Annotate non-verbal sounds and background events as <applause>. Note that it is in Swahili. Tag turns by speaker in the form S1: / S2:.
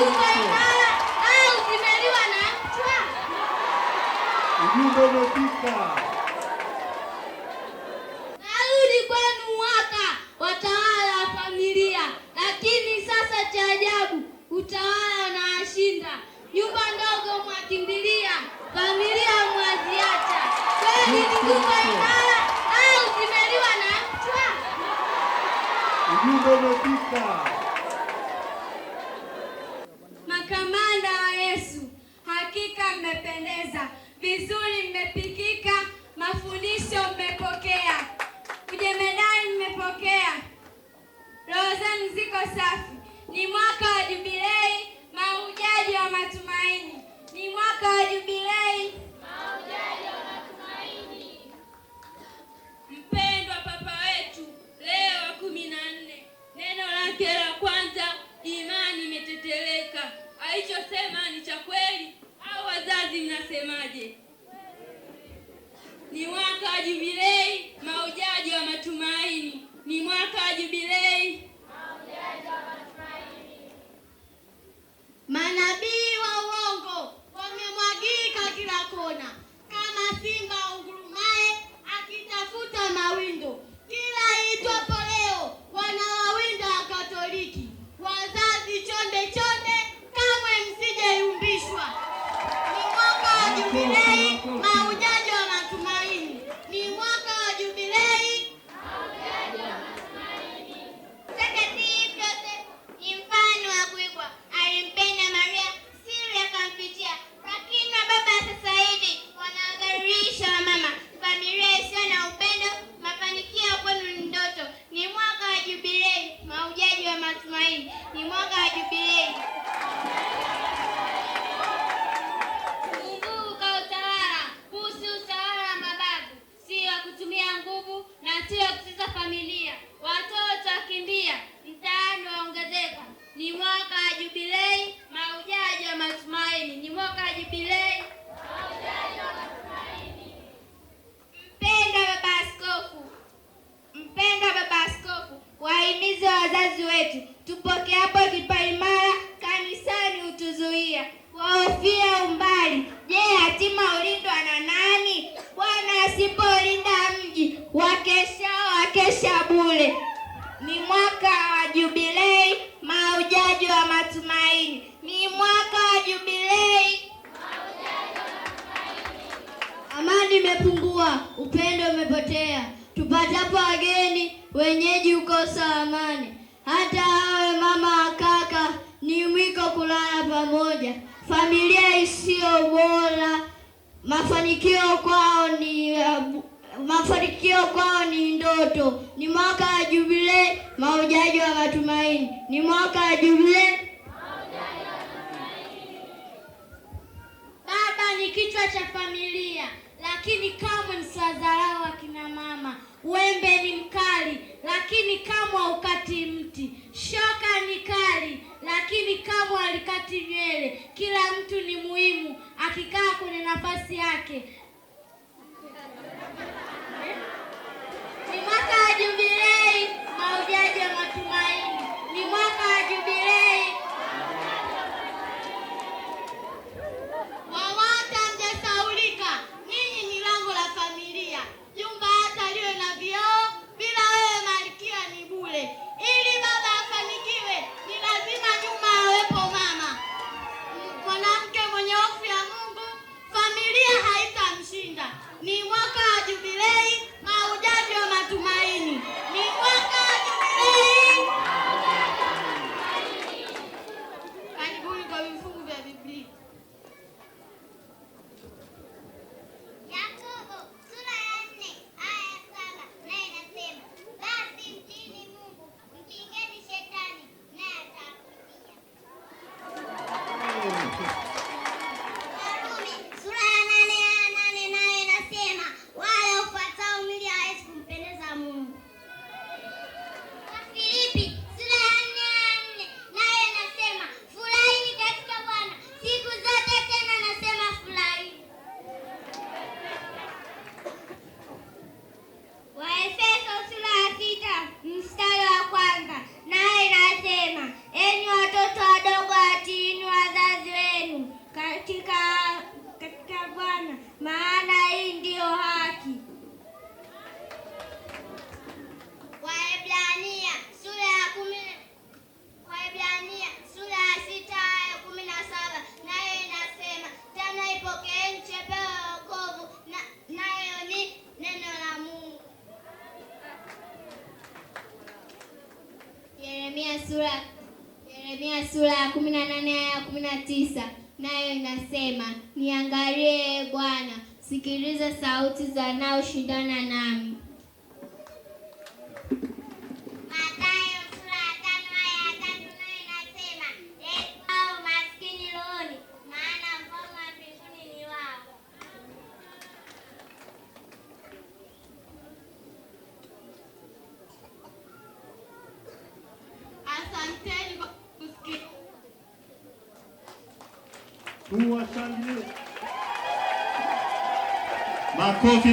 S1: Umeliwa na vizuri, mmepikika, mafundisho mmepokea, ujemedani mmepokea, roho zenu ziko safi. Ni mwaka wa jubilei, mahujaji wa matumaini. Ni mwaka wa jubilei,
S2: mahujaji wa matumaini.
S1: Mpendwa Papa wetu Leo wa kumi na nne, neno lake la kwanza, imani imeteteleka, alichosema ni cha kweli mnasemaje? Ni mwaka wa jubilei Jubilei maujaji wa matumaini ni mwaka wa Jubilei.
S3: Mtakatifu ni mfano wa kuigwa, alimpenda Maria, siri akamfichia. Lakini wa baba sasa hivi wanawadhalilisha wamama, familia isiyo na upendo, mafanikio kwenu ni ndoto. Ni mwaka wa Jubilei maujaji wa matumaini, ni mwaka wa Jubilei.
S1: família! kuwa upendo umepotea, tupatapo wageni wenyeji ukosa amani, hata awe mama akaka ni mwiko kulala pamoja. Familia isiyo bora, mafanikio kwao ni mafanikio kwao ni ndoto. Ni mwaka wa jubile, maujaji wa matumaini. Ni mwaka wa jubile. Baba ni kichwa cha familia. lakini kamwe haukati mti. Shoka ni kali, lakini kamwe halikati nywele. Kila mtu ni muhimu akikaa kwenye nafasi yake. <laughs> Nimaka
S3: Thank you.
S4: sura Yeremia sura ya kumi na nane aya ya kumi na tisa nayo inasema niangalie, Bwana, sikiliza sauti za wanaoshindana nami
S5: Makofi.